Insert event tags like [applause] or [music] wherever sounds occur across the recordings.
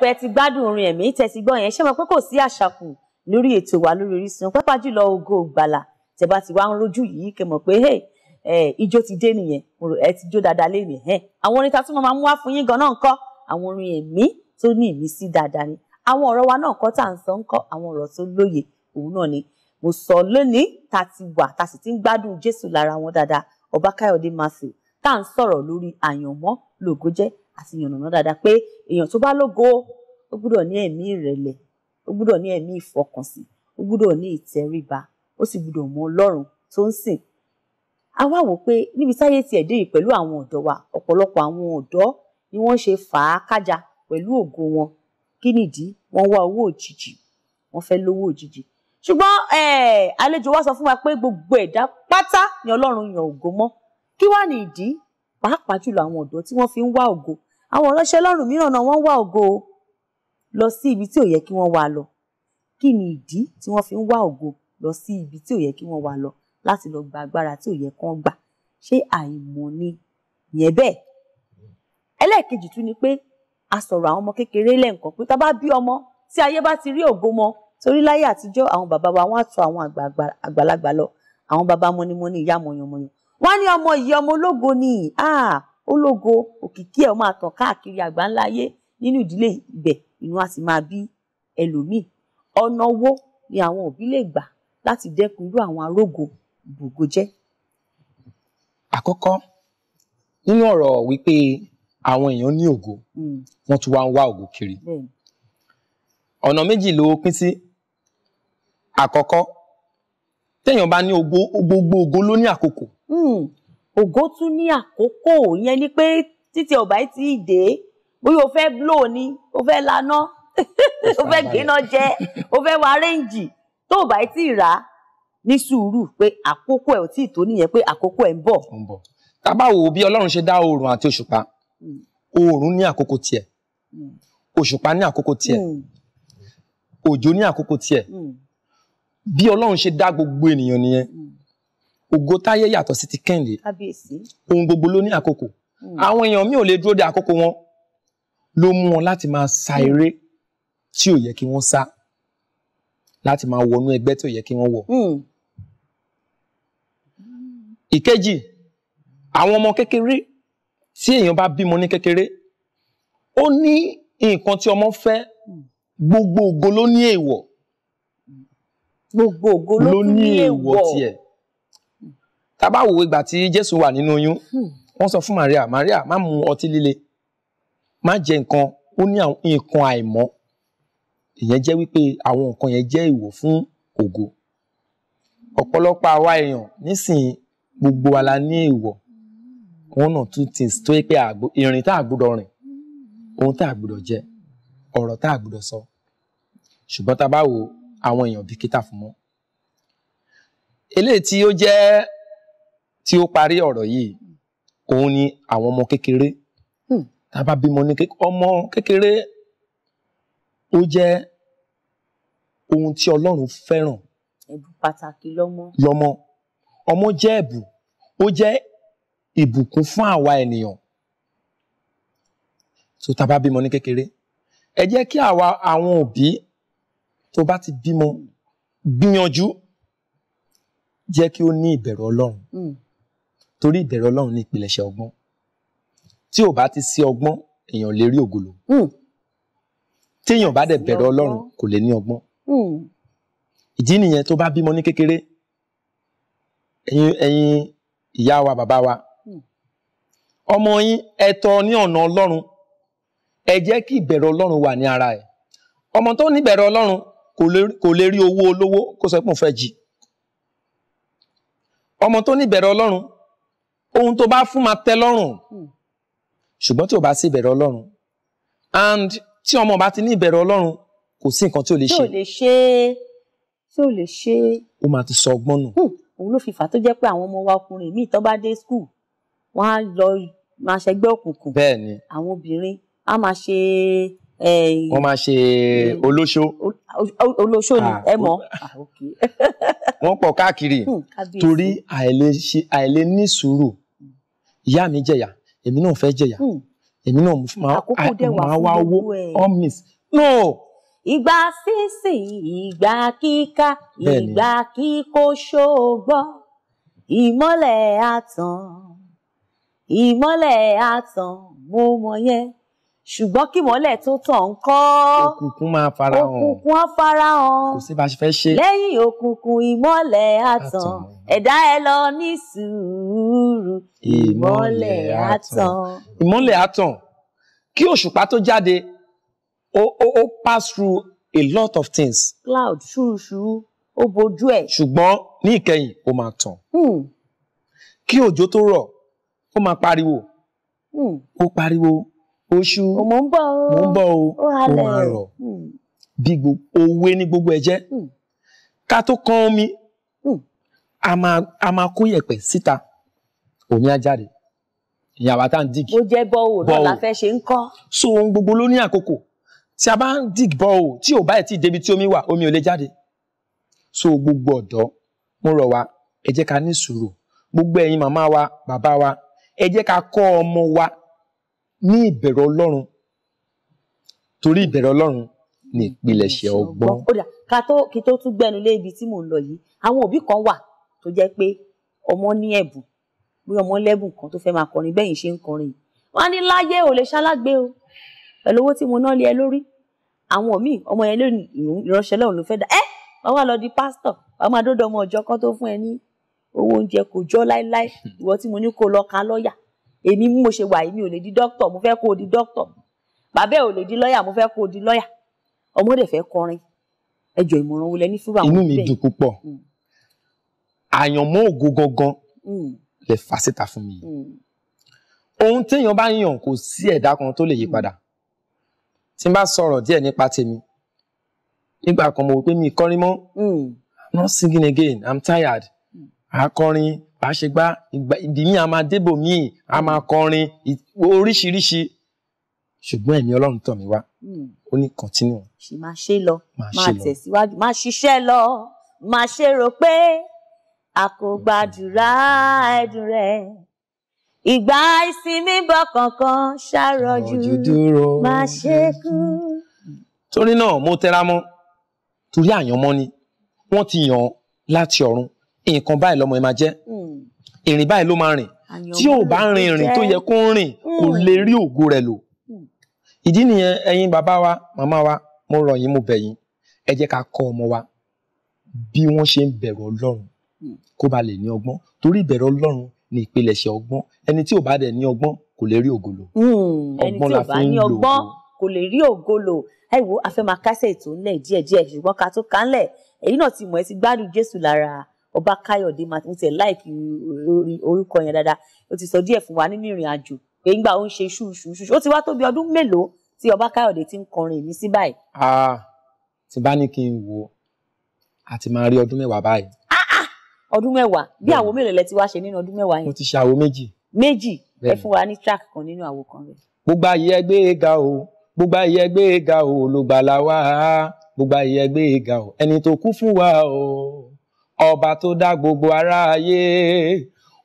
pé ẹ ti gbádùn orin ẹ̀mí tẹ́ ti gbọ́ yẹn ṣé mo pé kò sí àṣàkù lórí ètò wa lórí Orísun pápá jùlọ Ògo Ìgbàlà tẹ́ bá ti wá ń rojú yìí kẹ́ mọ̀ pé ijó ti dé nìyẹn ẹ ti jó dáadáa lé nìyẹn àwọn orin ta tún máa mú wá fún yín ganan ńkọ́ àwọn orin ẹ̀mí tó ní ìmísí dáadáa ni àwọn ọ̀rọ̀ wa náà kọ́ tá à ń sọ ńkọ́ àwọn ọ̀rọ̀ tó lóye òun náà ni mo sọ lónìí ta ti wà ta sì ti ń gbádùn Jésù lára wọn dáadáa Ọba Káyọ̀dé Matthew tá à ń sọ̀rọ̀ lórí àyànmọ́ lògó àti yànnàná dáadáa pé èèyàn tó bá lógo ó gbúdọ̀ ní ẹ̀mí ìrẹ̀lẹ̀ ó gbúdọ̀ ní ẹ̀mí ìfọkànsìn ó gbúdọ̀ ní ìtẹríba ó sì gbúdọ̀ mọ ọlọ́run tó ń sìn. a wá wò pé níbi táyé tiẹ̀ dé yìí pẹ̀lú àwọn ọ̀dọ́ wa ọ̀pọ̀lọpọ̀ àwọn ọ̀dọ́ ni wọ́n ṣe fà á kájà pẹ̀lú ògo wọn kí nìdí wọ́n wá owó òjijì wọ́n fẹ́ lówó òjijì ṣùgbọ́n àlejò wa sọ fún wa pé gbogbo ẹ̀dá pátá ni ọlọ́run yàn ògo mọ́ kí wá ní ìdí pàápàá jùlọ àwọn ọ̀dọ́ tí wọ́n fi ń wá ògo àwọn ìránṣẹ́ Ọlọ́run mìíràn náà wọ́n ń wá ògo lọ sí ibi tí ò yẹ kí wọ́n wá lọ kí ni ìdí tí wọ́n fi ń wá ògo lọ sí ibi tí ò yẹ kí wọ́n wá lọ láti lọ gba agbára tí ò yẹ kán gbà ṣé àìmọ̀ ni yẹn bẹ́ẹ̀ ẹlẹ́ẹ̀kejì tún ni pé a sọ̀rọ̀ àwọn ọmọ kékeré lẹ́ǹkan pé tá bá bí ọmọ tí ayé bá ti rí ògo mọ torí láyé àtijọ́ àwọn bàbá wa wọ́n á tọ̀ àwọn àgbàlagbà lọ àwọn bàbá mọnimọni ìyá mọyànmọyàn wọ́n á ní ọmọ yìí ọmọ ológo ni ah ológo òkìkí ẹ̀ ó máa tàn káàkiri àgbáńlá ayé nínú ìdílé ibẹ̀ inú á sì máa bí ẹlòmíì ọ̀nà wo ni àwọn òbí lè gbà láti dẹ́kun irú àwọn arógo ìbògo jẹ́. àkọ́kọ́ nínú ọ̀rọ̀ wípé àwọn èèyàn ní ògo hmm. wọ́n tún wá ń wá ògo kiri ọ̀nà méjì ló pín sí àkọ́kọ́ téèyàn bá ní ògo gbogbo ògo ló ní àkókò hmm ògo tún ní àkókò ìyẹn ni pé títí ọ̀bá yìí ti dé bóyá o fẹ́ blow ni o fẹ́ laná [laughs] o fẹ́ gbéná jẹ o fẹ́ wá rẹ́ǹjì tó ọ̀bá yìí ti rà ní sùúrù pé àkókò ẹ̀ ò tí ì tó nìyẹn pé àkókò ẹ̀ ń bọ̀. tá bá wò bí ọlọ́run ṣe dá oòrùn àti òṣùpá oòrùn ní àkókò tiẹ̀ òṣùpá ní àkókò tiẹ̀ hmm. òjò ní àkókò tiẹ̀ hmm. bí ọlọ́run ṣe dá gbogbo ènìyàn nìyẹn. Hmm ògo táyé yàtọ̀ sí ti kẹ́hìndé ohun gbogbo ló ní àkókò hmm. àwọn èèyàn mi ò lè dúró de àkókò wọn ló mú wọn láti máa sa hmm. eré tí ò yẹ kí wọ́n sá láti máa wọnú ẹgbẹ́ tí ò yẹ kí wọ́n wọ̀. Hmm. ìkejì àwọn ọmọ kékeré tí èèyàn bá bímọ ní kékeré ó ní nǹkan tí ọmọ fẹ́ gbogbo ògo ló ní èèwọ̀ gbogbo ògo ló ní èèwọ̀ tiẹ̀ tá a bá wò ìgbà tí Jésù wà nínú oyún hmm. wọ́n sọ fún Maria Maria má mu ọtí líle má jẹ nǹkan ó ní nǹkan àìmọ́ ìyẹn jẹ́ wípé àwọn nǹkan yẹn jẹ́ ìwò fún ògo ọ̀pọ̀lọpọ̀ àwa èèyàn nísìnyí gbogbo wa la ní ìwọ̀ one or two things tó yẹ pé ìrìn tá a gbọ́dọ̀ rìn ohun tá a gbọ́dọ̀ jẹ ọ̀rọ̀ tá a gbọ́dọ̀ sọ ṣùgbọ́n tá a bá wo àwọn èèyàn bìkítà fún mọ́ eléyìí tí ó jẹ́ tí ó parí ọ̀rọ̀ yìí òun ni àwọn ọmọ kékeré hmm. tá a bá bímọ ní ọmọ kékeré ó jẹ́ ohun tí Ọlọ́run fẹ́ràn. ẹ̀bùn pàtàkì lọ́mọ. lọ́mọ ọmọ jẹ́ ẹ̀bùn ó jẹ́ ìbùkún fún àwa ènìyàn tó tá bímọ ní kékeré ẹ jẹ́ kí àwọn òbí tó bá ti bímọ gbìyànjú jẹ́ kí ó ní ìbẹ̀rù Ọlọ́run. Mm torí ìdẹ̀rẹ̀ Ọlọ́run ní ìpilẹ̀ṣẹ̀ ọgbọ́n tí ò bá ti sí ọgbọ́n èèyàn lè rí ògolo hmm. téèyàn bá dẹ̀ bẹ̀rẹ̀ Ọlọ́run kò lè ní ọgbọ́n hmm. ìdí nìyẹn tó bá bímọ ní kékeré ẹ̀yin ẹ̀yin ìyá wa bàbá wa hmm. ọmọ yín ẹ tọ́ ní ọ̀nà Ọlọ́run ẹ jẹ́ kí ìbẹ̀rẹ̀ Ọlọ́run wà ní ara ẹ̀ ọmọ tó níbẹ̀rẹ̀ Ọlọ́run kò lè rí owó olówó kó sọ pé òun fẹ́ jì ọmọ tó níbẹ̀rẹ̀ Ọlọ́run ohun tó bá fún máa tẹ́ lọ́rùn hmm. ṣùgbọ́n tí ò bá sí ìbẹ̀rẹ̀ Ọlọ́run and tí ọmọ bá ti ní ìbẹ̀rẹ̀ Ọlọ́run kò sí nǹkan tí ò lè ṣe. tí ò lè ṣe tí ò lè ṣe. ó máa ti sọ ọgbọ́n nù. Hmm. òun ló fi fà tó jẹ́ pé àwọn ọmọ wa ọkùnrin míì tó bá dé school wọ́n á lọ máa ṣẹgbẹ́ òkùnkùn. bẹ́ẹ̀ àwọn obìnrin á máa ṣe wọ́n máa ṣe olóṣó. olóṣó ni ah, ẹ mọ̀. Ah, [laughs] wọ́n pọ̀ káàkiri hmm, torí àìlè ní sùúrù ìyá mi jẹ̀yà èmi náà fẹ́ jẹ̀yà hmm. èmi náà máa wá owó omis no. ìgbà sísìn ìgbà kíká ìgbà kíkó ṣóògbọ́ ìmọ́lẹ̀ àtàn ìmọ́lẹ̀ àtàn mo mọ̀ yẹn ṣùgbọ́n kí mọ́lẹ̀ tó tàn ń kọ́. òkùnkùn máa fara hàn òkùnkùn á fara hàn kò sí bá a ṣe fẹ́ ṣe. lẹ́yìn òkùnkùn ìmọ́lẹ̀ á tàn ẹ̀dá ẹ lọ ní sùúrù ìmọ́lẹ̀ á ìmọ́lẹ̀ á kí òṣùpá tó jáde ó ó ó pass through a lot of things. cloud ṣùrùṣùrù ó bojú ẹ̀. ṣùgbọ́n ní ìkẹyìn ó máa tàn. Hmm. kí òjò tó rọ̀ ó máa pariwo hmm. ó pariwo oṣù mò ń bọ̀ o mò ń bọ̀ o ó máa hmm. bí òwe ni gbogbo ẹ̀ jẹ́ hmm. ká tó kan omi hmm. a máa kó yẹ̀pẹ̀ síta omi á jáde ìyẹn àwa tá à ń dig. ó jẹ́ bọ́ọ̀ náà la fẹ́ ṣe ń kọ́. so ohun gbogbo ló ní àkókò tí a bá ń dig bọ́ọ̀ tí ò báyìí tí débi tí omi wà omi ò lè jáde. so gbogbo ọ̀dọ́ mo rọ̀ wá ẹ jẹ́ ká ní sùúrù gbogbo ẹ̀yin màmá wa bàbá wa ẹ jẹ́ ká kọ́ ọmọ wa ní ìbẹ̀rù ọlọ́run torí ìbẹ̀rù ọlọ́run ní ìpilẹ̀ṣẹ̀ ọgbọ́n. ó dà ká tó kí tó tún gbẹnu lé ibi tí mò ń lọ yìí àwọn òbí kan wà tó jẹ́ pé ọmọ ní ẹ̀bùn bí ọmọ lẹ́bùn kan tó fẹ́ máa kọrin bẹ́yìn ṣe ń kọrin wọ́n á ní láyé ò lè ṣalágbé o pẹ̀lú owó tí mo ná lé ẹ lórí àwọn míì ọmọ yẹn lónìí ìránṣẹ́ lọ́run ló fẹ́ dá ẹ́ wọ́n wá lọ di pásítọ̀ wọ́n máa dọ́dọ̀ ọmọ ọjọ́ kan tó fún ẹ ní owó oúnjẹ kò jọ́ láéláé ìwọ tí mo ní kó lọ ka lọ́ọ̀yà èmi mú mo ṣe wà yìí mi ò lè di dókítà mo fẹ́ kó o di dókítà bàbá ẹ ò lè di lọ́yà mo fẹ́ kó o di lọ́yà ọmọ rẹ̀ fẹ́ kọrin ẹjọ́ ìmọ̀ràn wo lẹ ní fúra wọn inú mi dùn púpọ̀ mm. àyànmọ́ ògo gangan mm. lè fà síta fún mi mm. ohun téèyàn bá yàn kò sí ẹ̀dá kan tó lè yí padà tí n bá sọ̀rọ̀ díẹ̀ nípa tèmi nígbà kan mo wò pé mi kọrin mọ́ i'm not singing again i'm tired akọrin. Mm bá ṣe gbá ìdí mi a máa débò míì a máa kọrin oríṣiríṣi ṣùgbọ́n ẹ̀mí Ọlọ́run tọ̀ mí wá hmm. ó ní continue. ṣì máa ṣe lọ máa tẹ̀síwájú máa ṣiṣẹ́ lọ máa ṣe rò pé a kò gbàdúrà ẹ̀dùn rẹ̀ ìgbà ìsinmi bọ̀ kankan ṣàròjù máa ṣe kú. torí náà mo tẹra mọ́ torí àyànmọ́ ni wọ́n ti yàn láti ọ̀run nǹkan báyìí lọ́mọ ẹ máa jẹ́ hmm ìrìn báyìí ló máa rìn tí ò bá rin ìrìn tó yẹ kó rìn kò hmm. lè rí ògo rẹ̀ lò hmm. ìdí nìyẹn ẹ̀yin bàbá wa màmá wa mo rọ̀ yín mo bẹ̀ yín ẹ jẹ́ ká kọ́ ọmọ wa bí wọ́n ṣe ń bẹ̀rù Ọlọ́run hmm. kó ba lè ní ọgbọ́n torí ìbẹ̀rù Ọlọ́run ni ìpilẹ̀ṣẹ̀ ọgbọ́n ẹni tí ò bá dẹ̀ ní ọgbọ́n kò lè rí ògo lò ọgbọ́n la fi ń lò ó kò lè rí ògo lò ẹ wo a fẹ́ máa kásẹ̀ ètò ńlẹ̀ díẹ̀díẹ̀ ṣùgbọ́n ká tó kánlẹ̀ èyí náà ti mọ̀ ẹ́ ti gbádùn Jésù lára ọba káyọ̀dé máa ń tẹ̀ láìkí orí orúkọ yẹn dáadáa ó ti sọ díẹ̀ fún wa nínú ìrìn àjò pé ńgbà ó ń ṣe ṣùṣùṣù ó ti wá tó bí ọdún mélòó tí ọba káyọ̀dé ti ń kọrin mi sí báyìí. ah tí bá ní kí n wo a ti máa rí ọdún mẹ́wàá báyìí. ah ah ọdún mẹ́wàá bí àwo mélòó lẹ ti wá ṣe nínú ọdún mẹ́wàá yẹn. mo ti ṣe àwo méjì. méjì ẹ fún wa ní track kan nínú àwo kan rẹ. gbogbo ayé ẹgbẹ́ ga o gbogbo ayé ẹgbẹ́ ga o ló gbà gbogbo ọba tó dá gbogbo aráyé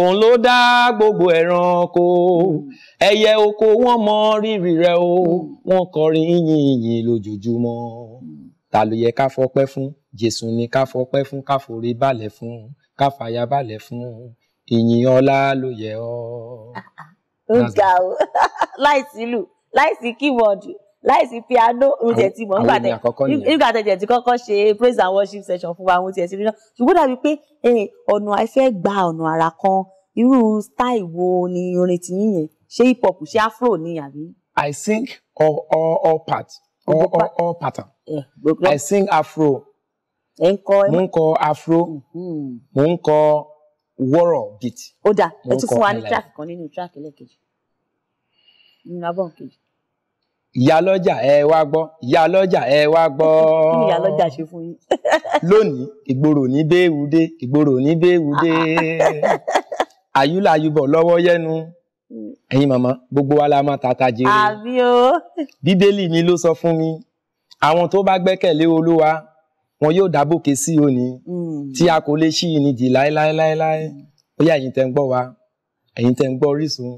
òun ló dá gbogbo ẹranko ẹyẹ oko wọn mọ rírì rẹ o wọn kọrin yìnyín yìnyín lójoojúmọ́ ta ló yẹ ká fọpẹ́ fún Jésù ni ká fọpẹ́ fún ká forí balẹ̀ fún ká fàyà balẹ̀ fún ìyìn ọlá ló yẹ ọ. Ah, ah. ó ga o [laughs] láìsí lù láìsí kíwọ́ọ̀dù láìsí piano mo tiẹ̀ ti mọ̀ nígbà tẹ̀ ti kọ́kọ́ ṣe praise and worship session fún wa mo tiẹ̀ ti rí náà ṣùgbọ́n dàbí pé ọ̀nà àìfẹ́ gba ọ̀nà àrà kan irú style wo ni orin ti yín yẹn ṣé hip hop ṣé afro ni àbí. I sing all all all part all all all pattern I sing afro mo ń kọ afro mm-hmm. mo ń kọ wọ́rọ̀ beat. ó dáa ẹ tún fún wa ní track kan nínú track ẹlẹ́kejì nínú abọ́ kejì ìyálọ́jà ẹ wá gbọ́ ìyálọ́jà ẹ wá gbọ́. kí ni ìyálọ́jà ṣe fún yín. [laughs] lónìí ìgboro ní béèwù dé ìgboro ní béèwù dé àyúláyúbọ̀ [laughs] lọ́wọ́ yẹ́nu hmm. ẹ̀yin màmá gbogbo wa la máa tata jèrè. àbí o. [laughs] bíbélì mi ló sọ fún mi àwọn tó bá gbẹ́kẹ̀lé olúwa wọn yóò dábòkè sí òní hmm. tí a kò lè ṣí ìnìdí láéláéláé hmm. ó yá ẹ̀yin tẹ́ ń gbọ́ wa ẹ̀yin tẹ́ ń gbọ́ Orísun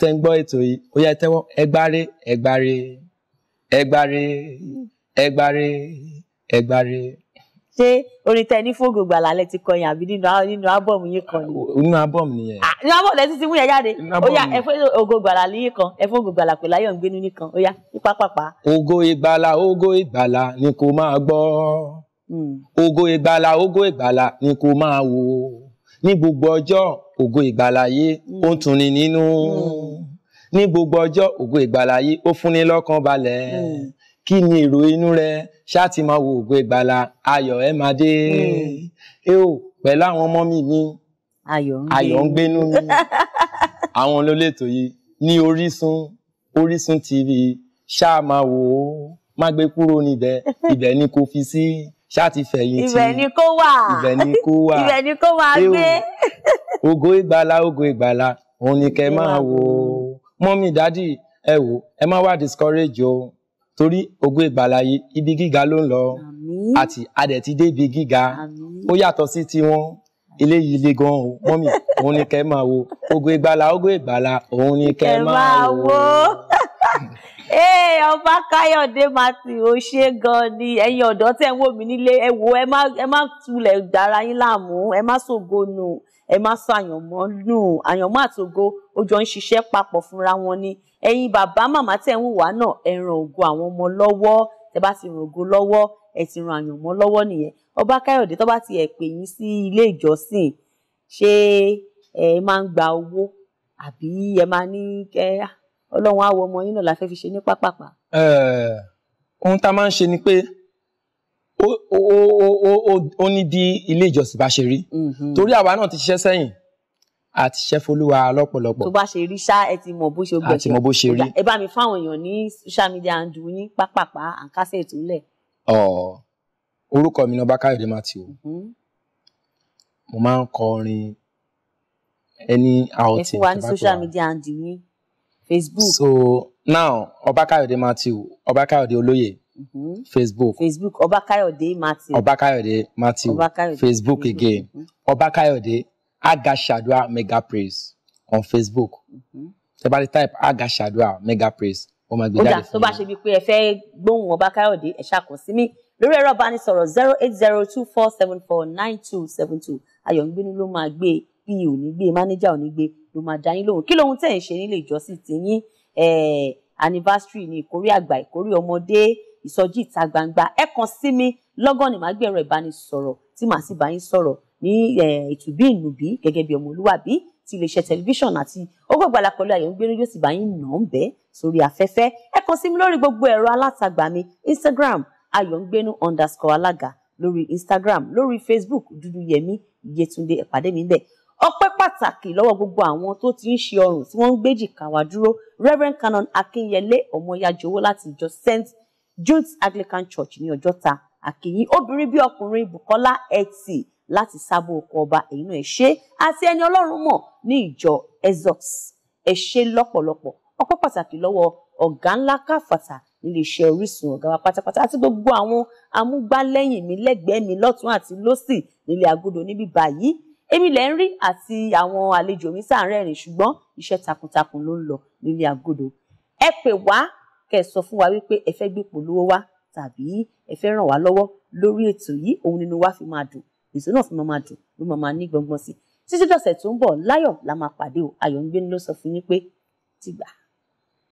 tẹ́ ń gbọ́ ètò yìí ó yẹ tẹ́wọ́ ẹgbàre ẹgbàre ẹgbàre ẹgbàre ẹgbàre. ṣé orin tẹ ní fún gbogbo àlàlẹ ti kọ yẹn àbí nínú nínú ábọ̀mù yìí kan ni. nínú ábọ̀mù nìyẹn. nínú ábọ̀mù lẹ́sí ti mú yẹn jáde ó yá ẹ fún ògo gbàlà yìí kan ẹ fún ògo gbàlà pẹ̀lú ayọ̀ ń gbénu nìkan ó yá ní pápápá. ògo ìgbàlà ògo ìgbàlà ni kò máa gbọ́ hmm. ògo ìgbàlà ògo ìgbàlà ni kò máa wò ní gbogbo ọjọ́ ògo ìgbàlà yìí hmm. ó ń tuni nínú. Mm ní gbogbo ọjọ́ ògo ìgbàláyé ó fúnni lọ́kàn balẹ̀ hmm. kí ni èrò inú rẹ ṣáàtì máa wo ògo ìgbàlà ayọ̀ ẹ máa dé hmm. ẹ ò pẹ̀lú àwọn ọmọ mi mi ayọ̀ ń gbénú mi [laughs] àwọn olólétò yìí ní Orísun Orísun TV ṣáà máa wò ó má gbé kúrò níbẹ̀ [laughs] ibẹ̀ ni kò fi sí ṣáà ti fẹ̀yìn tì ibẹ̀ ni kó wà ibẹ̀ ni kó wà [laughs] ibẹ̀ ni kó máa gbé ògo ìgbàlà ògo ìgbàlà òun ni kẹ́ máa wò ó mọ́mí dádì ẹ wò ẹ má wá discourage o torí ògo ìgbàláyé ibi gíga ló ń lọ àti adẹ̀ ti dé ibi gíga ó yàtọ̀ sí tiwọn eléyìí le gan o mọ́mí òun ni kẹ́ máa wo ògo ìgbàlà ògo ìgbàlà òun ni kẹ́ máa wo. [laughs] ee ọba káyọ̀dé mati ò ṣe gan ni ẹ̀yin ọ̀dọ́ tẹ́ ń wò mí nílé ẹ wò ẹ má ẹ má tulẹ̀ dára yín láàmú ẹ má ṣògo nù ẹ má sọ àyànmọ́ nù àyànmọ́ àtògo ó jọ ń ṣiṣẹ́ papọ̀ fúnra wọn ni ẹ̀yin bàbá màmá tẹ́ ń wò wá náà ẹ ràn ògo àwọn ọmọ lọ́wọ́ tẹ́ bá ti ràn ògo lọ́wọ́ ẹ ti ràn àyànmọ́ lọ́wọ́ nìyẹn ọba káyọ̀dé tó bá ti ẹ̀ pè yín sí ilé ìjọsìn ṣé ẹ máa ń gba owó àbí ẹ máa ní kẹ́ ọlọ́run á wọ ọmọ yín náà la fẹ́ fi ṣe ní pápápá. ohun tá a máa ń ṣe ni pé ó ní bí ilé ìjọsìn bá ṣe rí mhm. torí àwa náà ti ṣiṣẹ́ sẹ́yìn àti ṣẹ́folúwa lọ́pọ̀lọpọ̀. tó bá ṣe rí ṣá ẹ ti mọ bó ṣe gbẹ̀ṣẹ̀ àti mọ bó ṣe rí. ẹ bá mi fáwọn èèyàn ní social media and do ní pápápá àǹkásẹ̀ ìtúlẹ̀. orúkọ mi náà Bákáyọ̀dé Matthew mhm. mo máa ń kọ orin ẹni outing. ẹ fún wa ní social media and do yín facebook. so now Ọbákáyọ̀dé Matthew Ọbákáyọ̀dé Olóyè Mm-hmm. Facebook. Facebook Ọbákáyọ̀dé Matthew. Ọbákáyọ̀dé Matthew. Ọbákáyọ̀dé. Mm-hmm. Facebook mm-hmm. again. Mm-hmm. Ọbákáyọ̀dé Agashadua Mega Praise on Facebook. Ṣé bá ti type Agashadua Mega Praise? O máa gbé jáde fún mi. Ó dà tó bá ṣe bíi pé ẹ fẹ́ gbóhùn Ọbákáyọ̀dé ẹ̀ ṣàkàn sí mi lórí zero eight zero two four seven four nine two seven two Ayọ̀ngbínú ló máa gbé e pa ò ní gbé mánéjà ò ní gbé ló máa dá yín lóhùn kí lóhun tẹ̀ ń ṣe nílé ìjọsìn tiyín anniversary ni ìkórè àgbà ìkórè ọmọdé ìsọjí ìta gbangba ẹ kàn sí mi lọ́gán ni màá gbé ẹ̀rọ ìbánisọ̀rọ̀ tí màá sì bá yín sọ̀rọ̀ ní ìtùbí ìnùbí gẹ́gẹ́ bí ọmọlúwàbí ti iléeṣẹ́ tẹlifíṣàn àti Ògo Ìgbàlà pẹ̀lú àyẹ̀wò gbérí yóò sì bá yín nà ń bẹ́ sórí afẹ́fẹ́ ẹ kàn sí mi lórí gbogbo ẹ̀rọ alátagbà mi Instagram ayọ̀ngbénu underscore alága lórí Instagram lórí Facebook dúdú yẹmi Yétúndé ẹ mi ń ọpẹ́ pàtàkì lọ́wọ́ gbogbo àwọn tó ti ń ṣe ọrùn tí wọ́n ń gbé jìkà wá dúró reverend canon akínyẹlé ọmọyájọwọ́ láti ìjọ st jude's anglican church ní ọjọ́ta àkìyí obìnrin bí ọkùnrin bukola etsy láti sábò oko ọba èyí náà ẹ ṣé àti ẹni ọlọ́run mọ̀ ní ìjọ exox ẹ ṣé lọ́pọ̀lọpọ̀ ọpẹ́ pàtàkì lọ́wọ́ ọ̀gá ńlá káfàtà nílé iṣẹ́ orísun ọ̀gá wa pátápátá àti gbogbo àwọn amúgbálẹ́yìn mi lẹ́gbẹ̀ẹ́ mi lọ́tún àti lọ́sì nílé agodo níbí báyìí èmi lẹ́ ń rí àti àwọn àlejò mi sáà ń rẹ́rìn ṣùgbọ́n iṣẹ́ takuntakun ló ń lọ nílé agodo ẹ pè wá kẹ́ sọ fún wa wípé ẹ fẹ́ gbé polówó wá tàbí ẹ fẹ́ ràn wá lọ́wọ́ lórí ètò yìí òun nínú wa fi máa dùn ètò náà fi máa máa dùn ló máa máa ní gbọngbọn sí títí dọ̀sẹ̀ tó ń bọ̀ láyọ̀ la máa pàdé o ayọ̀ ń gbé ló sọ fún yín pé tìgbà.